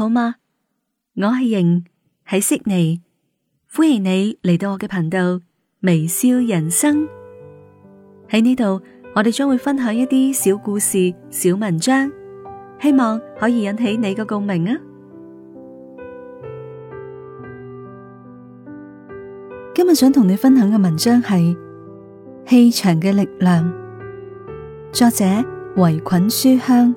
好嗎？我係瑩，喺悉尼，歡迎你嚟到我嘅頻道微笑人生。喺呢度，我哋將會分享一啲小故事、小文章，希望可以引起你嘅共鳴啊！今日想同你分享嘅文章係氣場嘅力量，作者圍菌書香。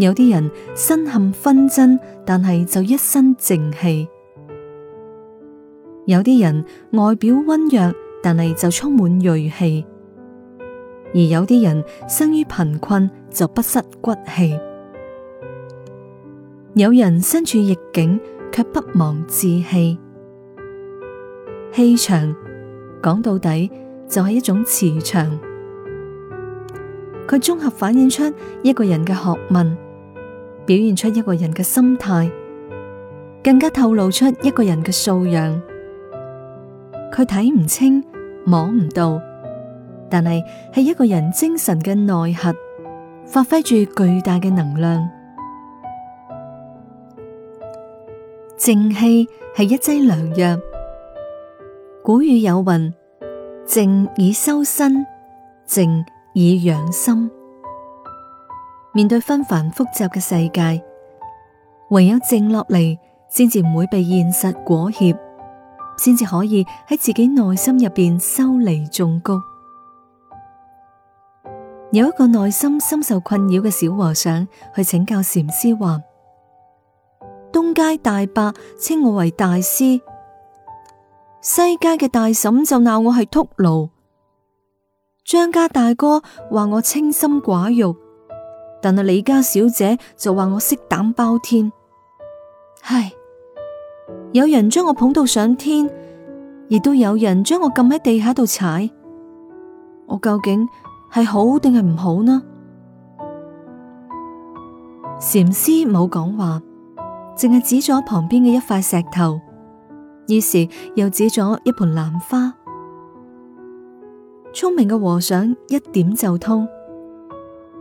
有啲人身陷紛爭，但係就一身正氣；有啲人外表溫弱，但係就充滿銳氣；而有啲人生於貧困，就不失骨氣。有人身處逆境，卻不忘志氣。氣場講到底就係一種磁場，佢綜合反映出一個人嘅學問。表現出一個人嘅心態，更加透露出一個人嘅素養。佢睇唔清，摸唔到，但係係一個人精神嘅內核，發揮住巨大嘅能量。靜氣係一劑良藥。古語有云：靜以修身，靜以養心。面對紛繁複雜嘅世界，唯有靜落嚟，先至唔會被現實裹挾，先至可以喺自己內心入邊修籬種菊。有一個內心深受困擾嘅小和尚去請教禪師話：東街大伯稱我為大師，西街嘅大嬸就鬧我係禿驢，張家大哥話我清心寡慾。但係李家小姐就話我色膽包天，唉，有人將我捧到上天，亦都有人將我撳喺地下度踩，我究竟係好定係唔好呢？禪師冇講話，淨係指咗旁邊嘅一塊石頭，於是又指咗一盆蘭花。聰明嘅和尚一點就通。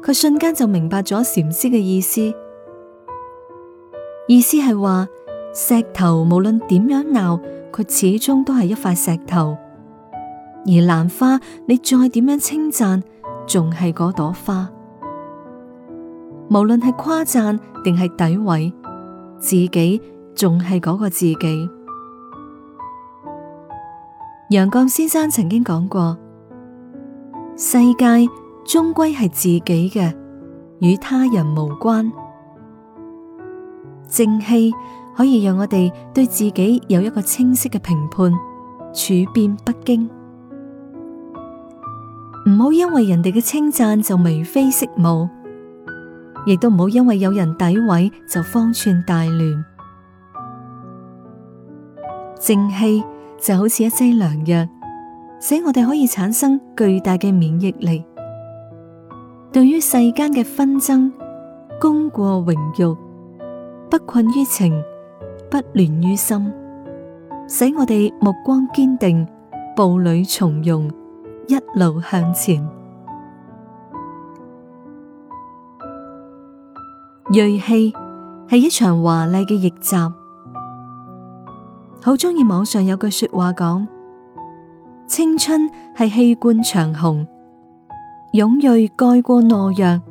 佢瞬間就明白咗禪師嘅意思，意思係話石頭無論點樣鬧，佢始終都係一塊石頭；而蘭花你再點樣稱讚，仲係嗰朵花。無論係誇讚定係詆毀，自己仲係嗰個自己。楊絳先生曾經講過：世界。終歸係自己嘅，與他人無關。正氣可以讓我哋對自己有一個清晰嘅評判，處變不驚。唔好因為人哋嘅稱讚就眉飛色舞，亦都唔好因為有人詆毀就方寸大亂。正氣就好似一劑良藥，使我哋可以產生巨大嘅免疫力。對於世間嘅紛爭、功過、榮辱，不困於情，不亂於心，使我哋目光堅定，步履從容，一路向前。銳氣係一場華麗嘅逆襲。好鍾意網上有句說話講：青春係氣貫長虹。勇銳蓋過懦弱，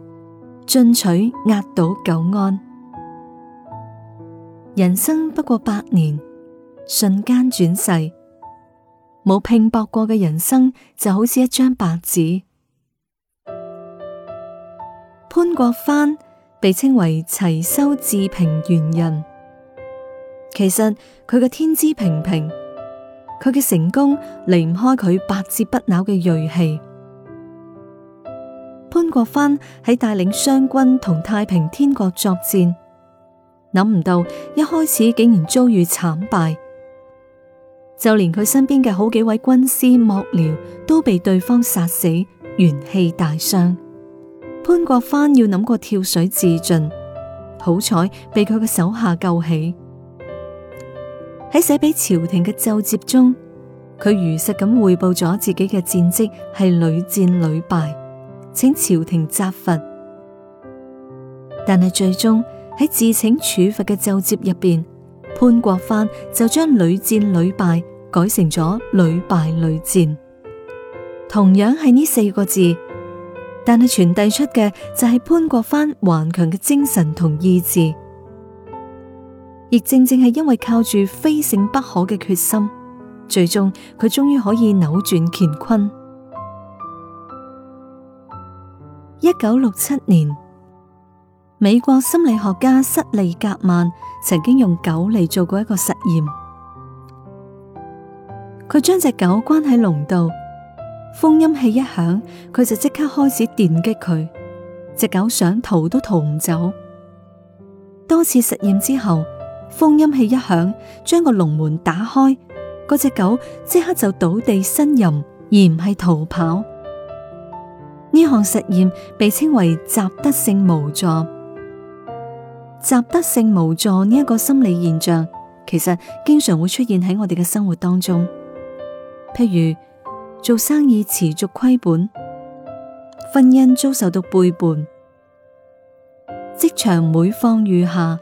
進取壓倒久安。人生不過百年，瞬間轉世，冇拼搏過嘅人生就好似一張白紙。潘國藩被稱為齊修治平原人，其實佢嘅天資平平，佢嘅成功離唔開佢百折不撓嘅銳氣。潘國藩喺帶領湘軍同太平天國作戰，諗唔到一開始竟然遭遇慘敗，就連佢身邊嘅好幾位軍師幕僚都被對方殺死，元氣大傷。潘國藩要諗過跳水自盡，好彩被佢嘅手下救起。喺寫俾朝廷嘅奏折中，佢如實咁匯報咗自己嘅戰績係屢戰屢敗。請朝廷責罰，但係最終喺自請處罰嘅奏折入邊，潘國藩就將屢戰屢敗改成咗屢敗屢戰。同樣係呢四個字，但係傳遞出嘅就係潘國藩頑強嘅精神同意志。亦正正係因為靠住非勝不可嘅決心，最終佢終於可以扭轉乾坤。一九六七年，美國心理學家瑟利格曼曾經用狗嚟做過一個實驗。佢將隻狗關喺籠度，風音器一響，佢就即刻開始電擊佢。隻狗想逃都逃唔走。多次實驗之後，風音器一響，將個籠門打開，嗰隻狗即刻就倒地呻吟，而唔係逃跑。呢項實驗被稱為習得性無助。習得性無助呢一個心理現象，其實經常會出現喺我哋嘅生活當中。譬如做生意持續虧本，婚姻遭受到背叛，職場每況愈下，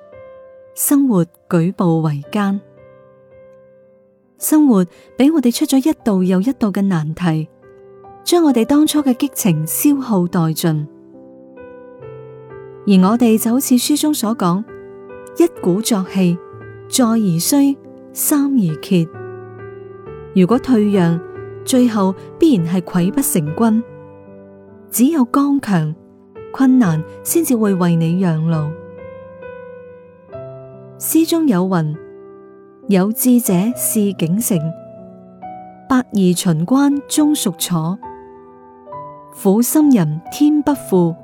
生活舉步維艱，生活俾我哋出咗一道又一道嘅難題。將我哋當初嘅激情消耗殆盡，而我哋就好似書中所講，一鼓作氣，再而衰，三而竭。如果退讓，最後必然係潰不成軍。只有剛強，困難先至會為你讓路。詩中有云：有志者事竟成，百二秦關終屬楚。苦心人天不負，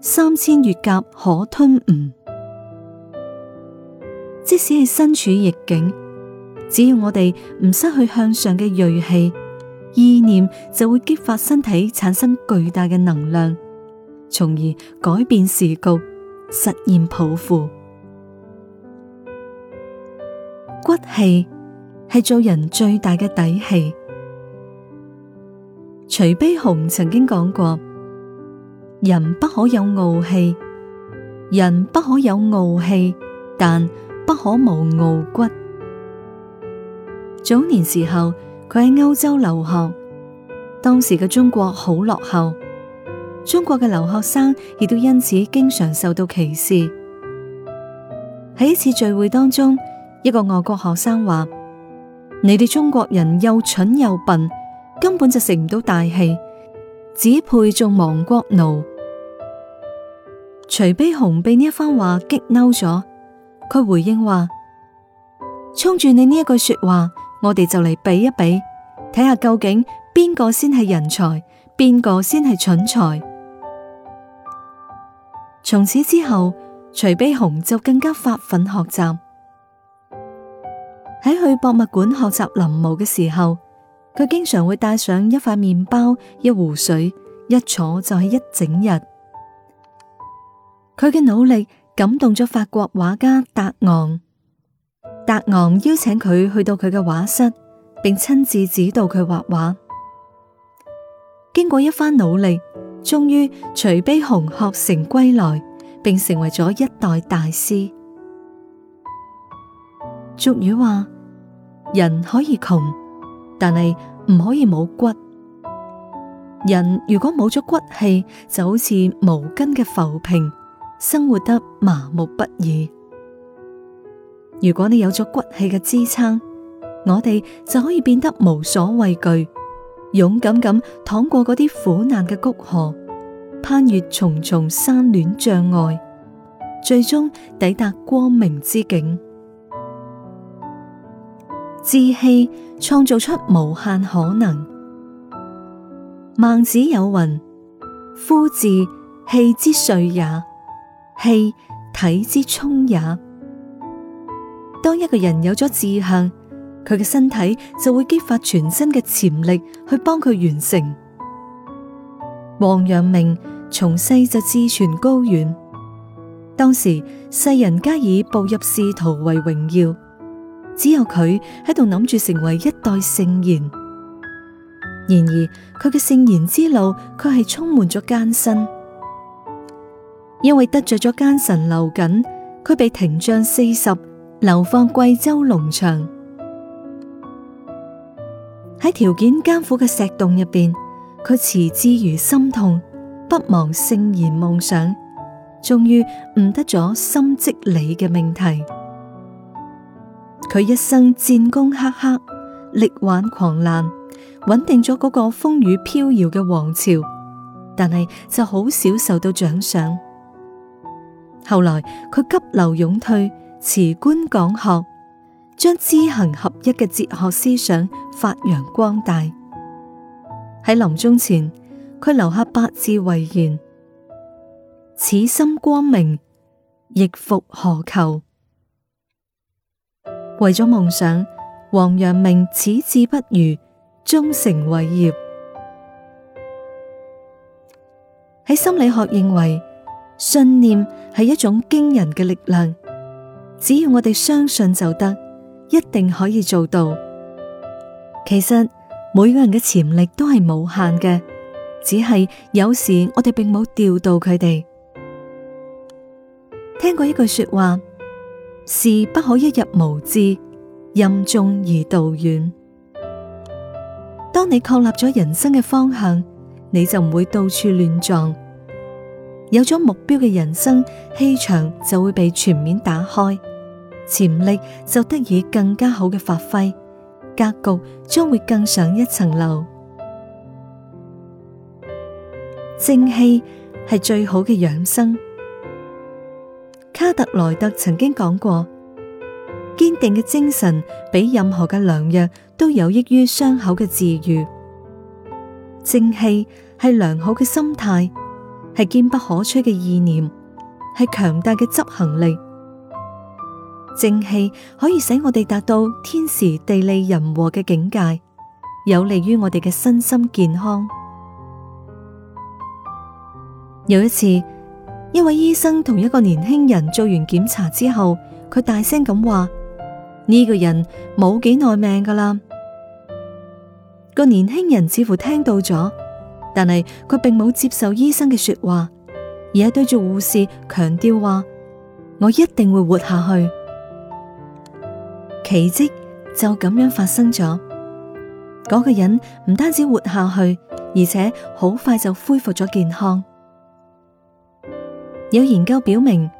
三千越甲可吞吳。即使係身處逆境，只要我哋唔失去向上嘅銳氣，意念就會激發身體產生巨大嘅能量，從而改變時局，實現抱負。骨氣係做人最大嘅底氣。徐悲鴻曾經講過：人不可有傲氣，人不可有傲氣，但不可無傲骨。早年時候，佢喺歐洲留學，當時嘅中國好落後，中國嘅留學生亦都因此經常受到歧視。喺一次聚會當中，一個外國學生話：你哋中國人又蠢又笨，根本就食唔到大器，只配做亡國奴。徐悲鴻被呢一番話激嬲咗，佢回應話：，衝住你呢一句說話，我哋就嚟比一比，睇下究竟邊個先係人才，邊個先係蠢才。從此之後，徐悲鴻就更加發奮學習。喺去博物館學習臨摹嘅時候。佢經常會帶上一塊麵包、一壺水，一坐就係一整日。佢嘅努力感動咗法國畫家達昂，達昂邀請佢去到佢嘅畫室，並親自指導佢畫畫。經過一番努力，終於徐悲鴻學成歸來，並成為咗一代大師。俗語話：人可以窮。但係唔可以冇骨。人如果冇咗骨氣，就好似無根嘅浮萍，生活得麻木不已。如果你有咗骨氣嘅支撐，我哋就可以變得無所畏懼，勇敢咁趟過嗰啲苦難嘅谷河，攀越重重山巒障礙，最終抵達光明之境。志氣創造出無限可能。孟子有雲：夫志氣之帥也，氣體之充也。當一個人有咗志向，佢嘅身體就會激發全身嘅潛力去幫佢完成。王陽明從細就志存高遠，當時世人皆以步入仕途為榮耀。只有佢喺度諗住成為一代聖賢，然而佢嘅聖賢之路卻係充滿咗艱辛，因為得罪咗奸臣劉瑾，佢被廷杖四十，流放貴州龍場。喺條件艱苦嘅石洞入邊，佢持志如心痛，不忘聖賢夢想，終於悟得咗心即理嘅命題。佢一生戰功赫赫，力挽狂瀾，穩定咗嗰個風雨飄搖嘅王朝，但係就好少受到獎賞。後來佢急流勇退，辭官講學，將知行合一嘅哲學思想發揚光大。喺臨終前，佢留下八字遺言：此心光明，亦復何求。為咗夢想，王陽明矢志不渝，終成偉業。喺心理學認為，信念係一種驚人嘅力量。只要我哋相信就得，一定可以做到。其實每個人嘅潛力都係無限嘅，只係有時我哋並冇調到佢哋。聽過一句說話。事不可一日無知，任重而道遠。當你確立咗人生嘅方向，你就唔會到處亂撞。有咗目標嘅人生，氣場就會被全面打開，潛力就得以更加好嘅發揮，格局將會更上一層樓。正氣係最好嘅養生。卡特萊特曾經講過：堅定嘅精神比任何嘅良藥都有益於傷口嘅治愈。正氣係良好嘅心態，係堅不可摧嘅意念，係強大嘅執行力。正氣可以使我哋達到天時地利人和嘅境界，有利於我哋嘅身心健康。有一次。一位醫生同一個年輕人做完檢查之後，佢大聲咁話：呢個人冇幾耐命噶啦。個年輕人似乎聽到咗，但係佢並冇接受醫生嘅說話，而係對住護士強調話：我一定會活下去。奇蹟就咁樣發生咗，嗰個人唔單止活下去，而且好快就恢復咗健康。有研究表明，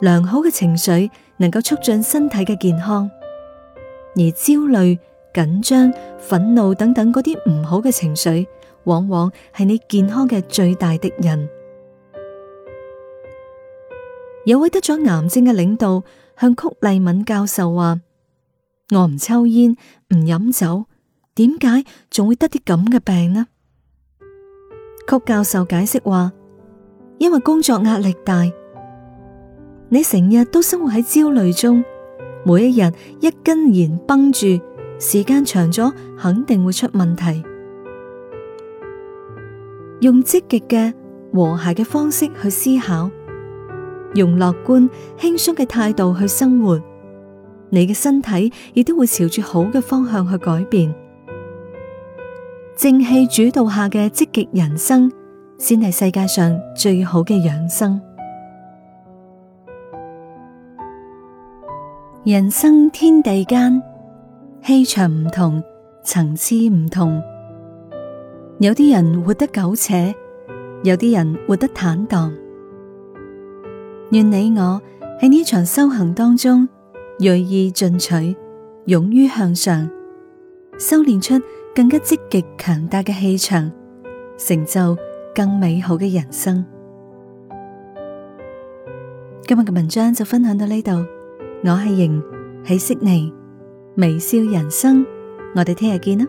良好嘅情緒能夠促進身體嘅健康，而焦慮、緊張、憤怒等等嗰啲唔好嘅情緒，往往係你健康嘅最大敵人。有位得咗癌症嘅領導向曲麗敏教授話：我唔抽煙，唔飲酒，點解仲會得啲咁嘅病呢？曲教授解釋話：因為工作壓力大，你成日都生活喺焦慮中，每一日一根弦繃住，時間長咗肯定會出問題。用積極嘅和諧嘅方式去思考，用樂觀輕鬆嘅態度去生活，你嘅身體亦都會朝住好嘅方向去改變。正氣主導下嘅積極人生。先係世界上最好嘅養生。人生天地間，氣場唔同，層次唔同。有啲人活得苟且，有啲人活得坦蕩。願你我喺呢場修行當中，銳意進取，勇於向上，修煉出更加積極強大嘅氣場，成就。更美好嘅人生，今日嘅文章就分享到呢度。我係瑩，喺悉尼，微笑人生，我哋聽日見啦。